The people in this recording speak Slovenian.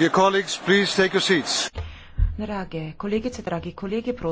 Dear colleagues, please take your seats. Drage kolegice, dragi kolegi, prosim.